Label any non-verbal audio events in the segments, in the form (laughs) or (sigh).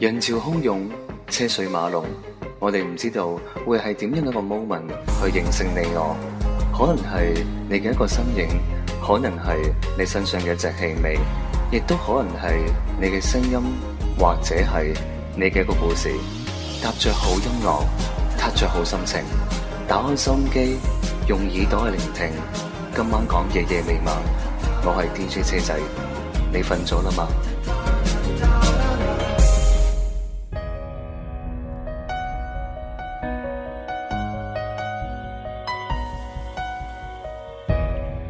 人潮洶湧，車水馬龍，我哋唔知道會係點樣一個 moment 去形成你我，可能係你嘅一個身影，可能係你身上嘅一隻氣味，亦都可能係你嘅聲音，或者係你嘅一個故事。搭着好音樂，踏着好心情，打開心機，用耳朵去聆聽。今晚講《夜夜未晚》，我係 DJ 車仔，你瞓咗啦嘛？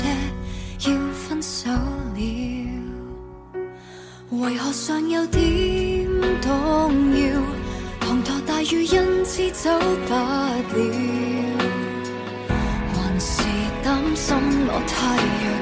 要分手了，為何尚有點動搖？滂沱大雨因此走不了，還是擔心我太弱？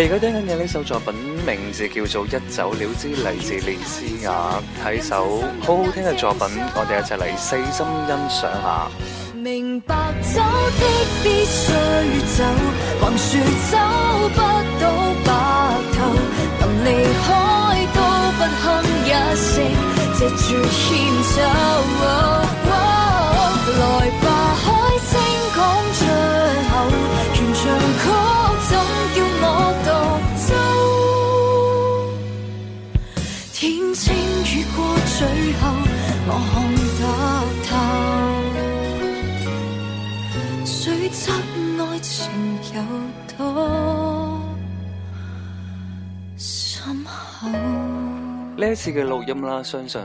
你嚟緊聽嘅呢首作品名字叫做《一走了之》，嚟自連詩雅，睇首好好聽嘅作品，我哋一齊嚟細心欣賞下。明白走的必須走，橫豎走不到白頭，臨離開都不吭一聲，藉住牽走、啊哦。來吧海，海星。最後我看得透，雖則愛情有多深厚。呢一次嘅錄音啦，相信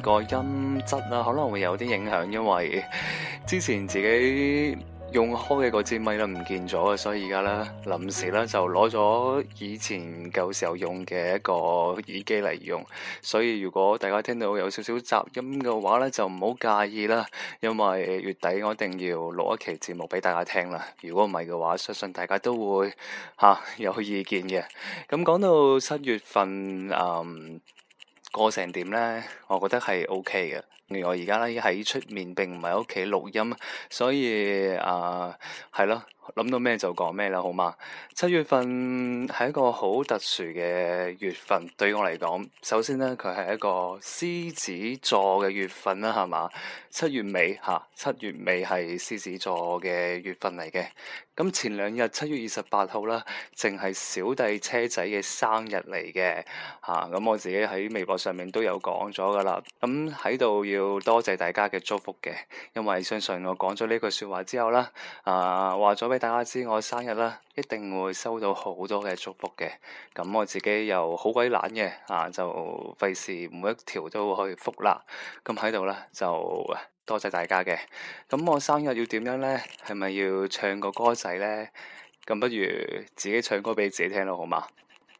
個音質啦可能會有啲影響，因為之前自己，用開嘅嗰支咪咧唔見咗，所以而家咧，臨時咧，就攞咗以前舊時候用嘅一個耳機嚟用。所以如果大家聽到有少少雜音嘅話咧，就唔好介意啦。因為月底我一定要錄一期節目俾大家聽啦。如果唔係嘅話，相信大家都會嚇、啊、有意見嘅。咁講到七月份誒、嗯、過成點咧，我覺得係 OK 嘅。我而家咧喺出面，並唔係屋企錄音，所以啊，呃，係咯，諗到咩就講咩啦，好嗎？七月份係一個好特殊嘅月份，對我嚟講，首先咧，佢係一個獅子座嘅月份啦，係嘛？七月尾吓，啊，七月尾係獅子座嘅月份嚟嘅。咁前兩日七月二十八號啦，淨係小弟車仔嘅生日嚟嘅吓，啊，咁我自己喺微博上面都有講咗噶啦，咁喺度要。要多謝大家嘅祝福嘅，因為相信我講咗呢句說話之後啦，啊話咗俾大家知我生日啦，一定會收到好多嘅祝福嘅。咁我自己又好鬼懶嘅，啊就費事每一條都可以覆啦。咁喺度咧就多謝大家嘅。咁我生日要點樣咧？係咪要唱個歌仔咧？咁不如自己唱歌俾自己聽咯，好嘛？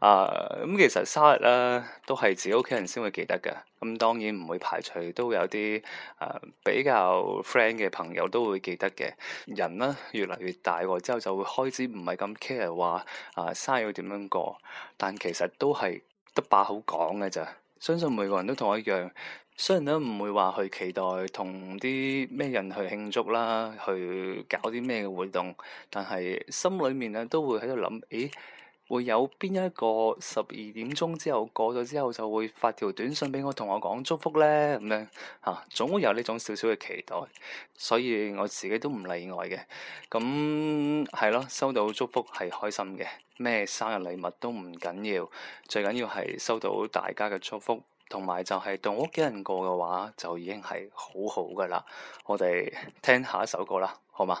啊，咁其實生日啦，都係自己屋企人先會記得嘅，咁、啊、當然唔會排除都有啲啊比較 friend 嘅朋友都會記得嘅人啦、啊。越嚟越大個之後，就會開始唔係咁 care 話啊生日要點樣過，但其實都係得把口講嘅咋。相信每個人都同我一樣，雖然都唔會話去期待同啲咩人去慶祝啦，去搞啲咩嘅活動，但係心裏面咧都會喺度諗，誒、欸。會有邊一個十二點鐘之後過咗之後，就會發條短信俾我，同我講祝福咧，咁樣吓，總會有呢種少少嘅期待，所以我自己都唔例外嘅。咁係咯，收到祝福係開心嘅，咩生日禮物都唔緊要，最緊要係收到大家嘅祝福，同埋就係同屋企人過嘅話就已經係好好㗎啦。我哋聽下一首歌啦，好嘛？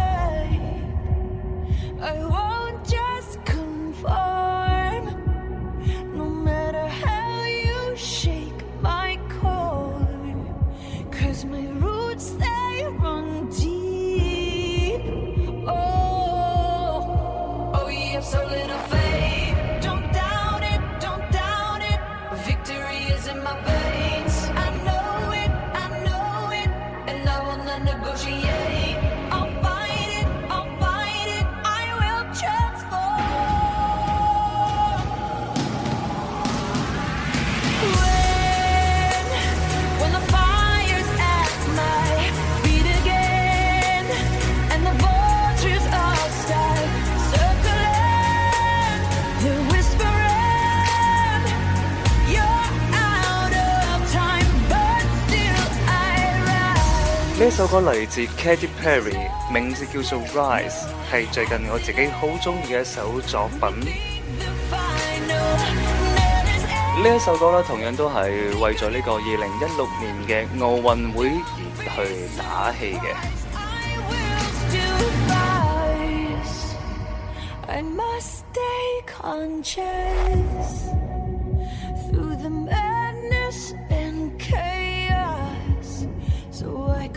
首歌嚟自 Katy Perry，名字叫做《Rise》，係最近我自己好中意嘅一首作品。呢一首歌咧，同樣都係為咗呢個二零一六年嘅奧運會而去打氣嘅。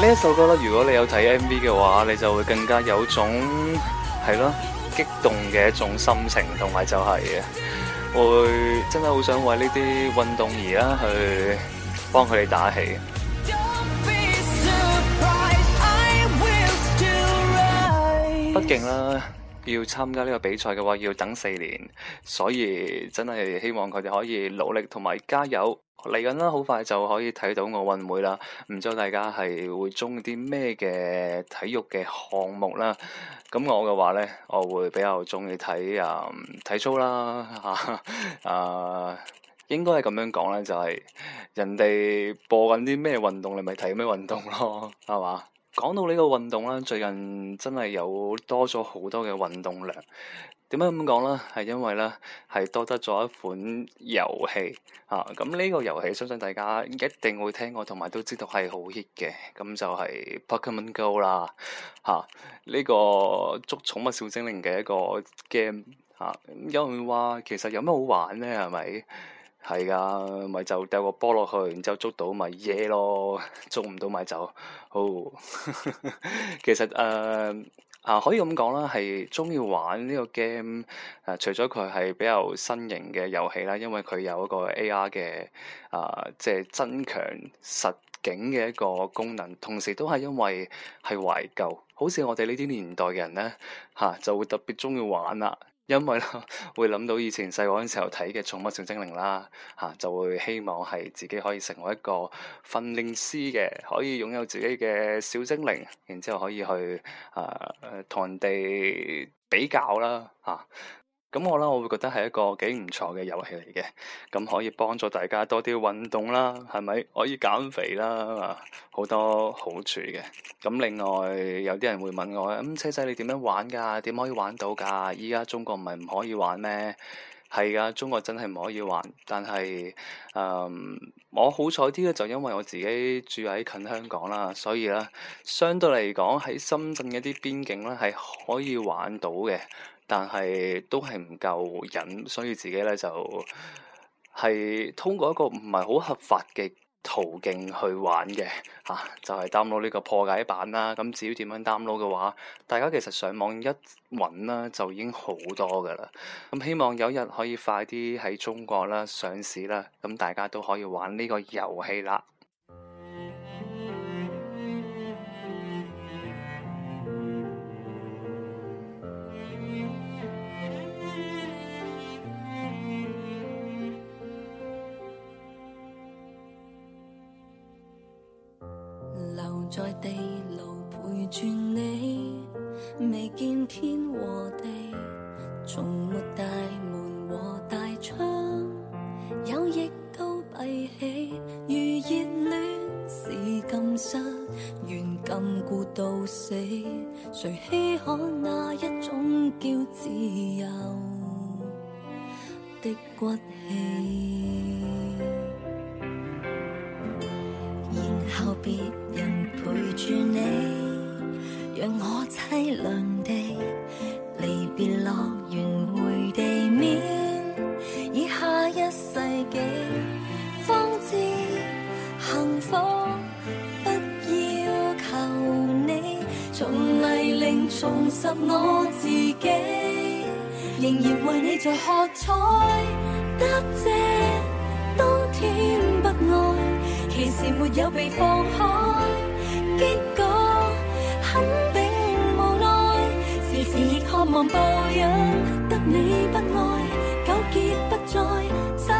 呢一首歌咧，如果你有睇 MV 嘅話，你就會更加有種係咯激動嘅一種心情，同埋就係，我會真係好想為呢啲運動員啊去幫佢哋打氣。畢竟啦，要參加呢個比賽嘅話，要等四年，所以真係希望佢哋可以努力同埋加油。嚟緊啦，好快就可以睇到奧運會啦。唔知道大家係會中意啲咩嘅體育嘅項目啦？咁我嘅話咧，我會比較中意睇啊體操啦嚇啊，應該係咁樣講咧，就係、是、人哋播緊啲咩運動，你咪睇咩運動咯，係嘛？講到呢個運動咧，最近真係有多咗好多嘅運動量。點解咁講呢？係因為呢，係多得咗一款遊戲吓。咁、啊、呢個遊戲，相信大家一定會聽過，同埋都知道係好 hit 嘅。咁就係 Pokemon Go 啦吓。呢、啊這個捉寵物小精靈嘅一個 game 吓。有人會話其實有咩好玩呢？係咪？係噶，咪就掉個波落去，然之後捉到咪嘢、yeah、咯，捉唔到咪就走，好、oh. (laughs) 其實誒、uh，啊，可以咁講啦，係鍾意玩呢個 game 誒，除咗佢係比較新型嘅遊戲啦，因為佢有一個 AR 嘅啊，即、就、係、是、增強實景嘅一個功能，同時都係因為係懷舊，好似我哋呢啲年代嘅人咧，吓、啊、就會特別鍾意玩啦。因為咧會諗到以前細個嗰陣時候睇嘅寵物小精靈啦，嚇、啊、就會希望係自己可以成為一個訓練師嘅，可以擁有自己嘅小精靈，然之後可以去啊同人哋比較啦，嚇、啊。咁我咧我會覺得係一個幾唔錯嘅遊戲嚟嘅，咁可以幫助大家多啲運動啦，係咪可以減肥啦啊，好多好處嘅。咁另外有啲人會問我，咁、嗯、車仔你點樣玩噶？點可以玩到噶？依家中國唔係唔可以玩咩？係噶，中國真係唔可以玩。但係，誒、嗯，我好彩啲咧，就因為我自己住喺近香港啦，所以咧相對嚟講喺深圳一啲邊境咧係可以玩到嘅。但係都係唔夠人，所以自己咧就係通過一個唔係好合法嘅途徑去玩嘅嚇、啊，就係 download 呢個破解版啦。咁至於點樣 download 嘅話，大家其實上網一揾啦就已經好多噶啦。咁希望有日可以快啲喺中國啦上市啦，咁大家都可以玩呢個遊戲啦。死，誰稀罕那一種叫自由的骨氣？然後別人陪住你，讓我凄涼地離別樂園會。重拾我自己，仍然為你在喝彩。得謝當天不愛，其實沒有被放開，結果肯定無奈，時時亦渴望報恩。得你不愛，糾結不再。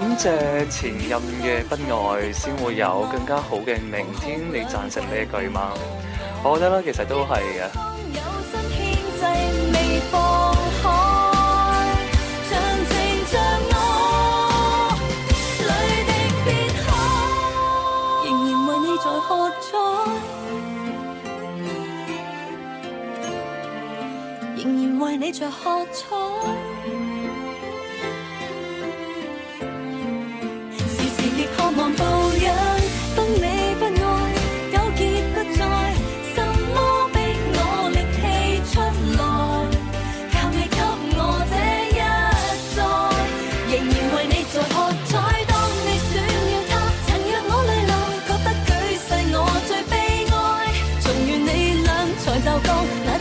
感謝前任嘅不愛，先會有更加好嘅明天。你贊成呢一句嗎？我覺得呢，其實都係啊。仍然為你在喝彩，仍然為你在喝彩。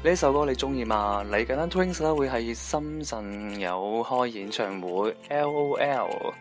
呢首歌你鍾意嘛？你簡單 Twins 咧會喺深圳有開演唱會，LOL，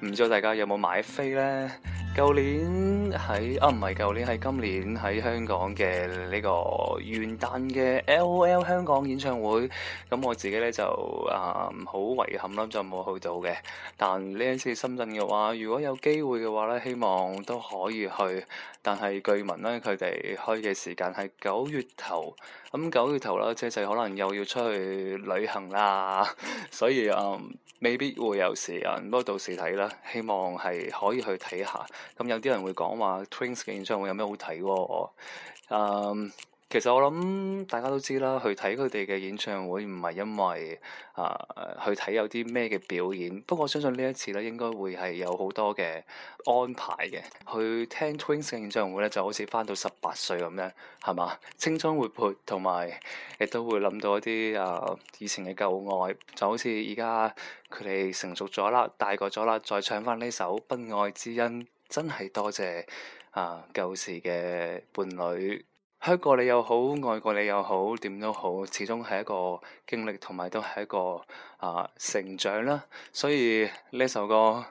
唔知道大家有冇買飛咧？舊年喺啊，唔係舊年係今年喺香港嘅呢個元旦嘅 LOL 香港演唱會。咁我自己咧就啊，好、嗯、遺憾啦，就冇去到嘅。但呢一次深圳嘅話，如果有機會嘅話咧，希望都可以去。但係據聞咧，佢哋開嘅時間係九月頭。咁九月頭啦，即係可能又要出去旅行啦，所以啊、嗯，未必會有時間。不過到時睇啦，希望係可以去睇下。咁有啲人會講話 Twins 嘅演唱會有咩好睇喎？其實我諗大家都知啦，去睇佢哋嘅演唱會唔係因為誒、呃、去睇有啲咩嘅表演，不過我相信呢一次咧應該會係有好多嘅安排嘅。去聽 Twins 嘅演唱會咧就好似返到十八歲咁樣，係嘛？青春活潑，同埋亦都會諗到一啲誒、呃、以前嘅舊愛，就好似而家佢哋成熟咗啦，大個咗啦，再唱返呢首《不愛之恩》。真係多謝啊！舊時嘅伴侶，香過你又好，愛過你又好，點都好，始終係一個經歷，同埋都係一個啊成長啦。所以呢首歌，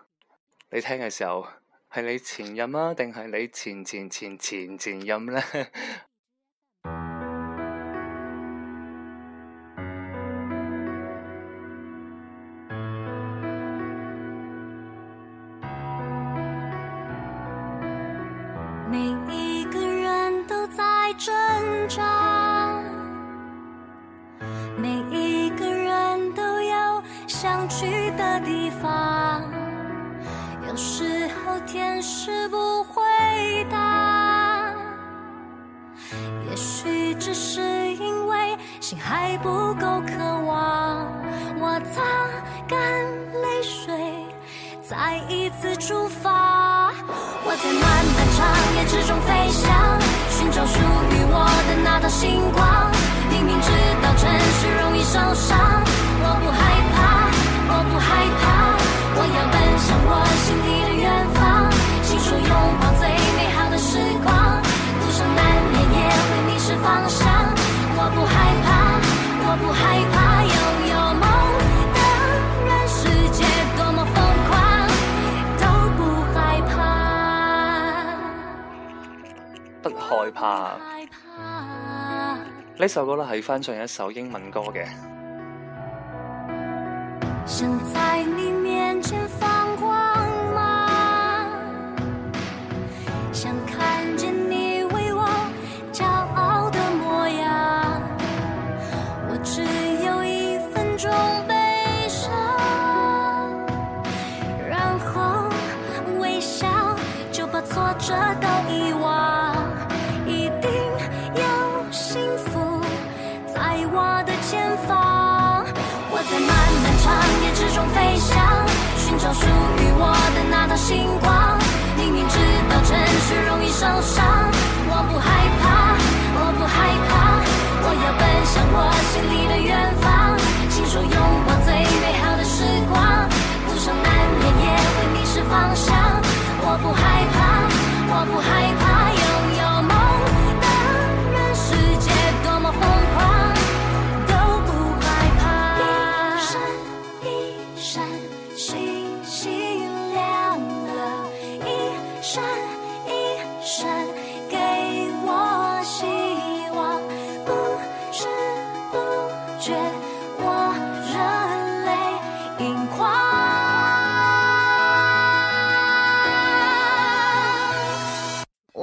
你聽嘅時候，係你前任啦、啊，定係你前前前前前，前，前任咧？ (laughs) 出發，我在漫漫長夜之中飛翔，尋找屬於我的那道星光。啊，呢首歌呢，係翻唱一首英文歌嘅。想在你面前放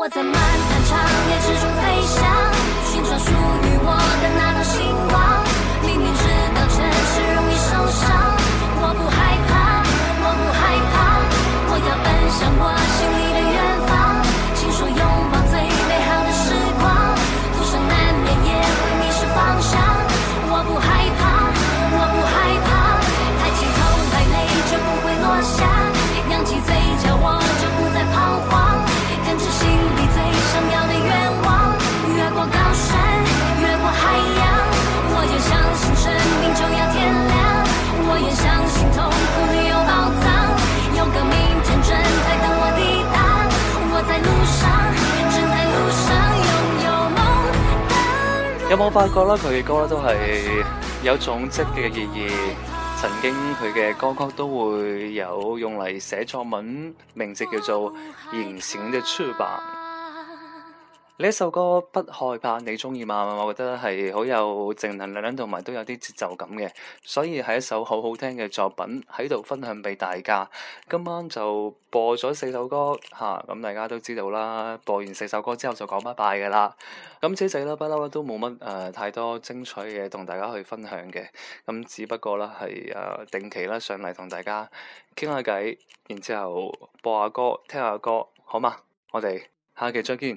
我在漫漫長夜之中飛翔，尋找屬於我的那道星。我覺得佢嘅歌都係有種積極嘅意義。曾經佢嘅歌曲都會有用嚟寫作文，名字叫做《隱形嘅翅膀》。呢首歌不害怕，你鍾意嘛？我覺得係好有正能量，同埋都有啲節奏感嘅，所以係一首好好聽嘅作品喺度分享畀大家。今晚就播咗四首歌吓，咁、啊嗯、大家都知道啦。播完四首歌之後就講拜拜噶啦。咁仔仔啦，不嬲都冇乜誒太多精彩嘅同大家去分享嘅。咁、嗯、只不過啦，係、呃、誒定期啦上嚟同大家傾下偈，然之後播下歌，聽下歌，好嘛？我哋下期再見。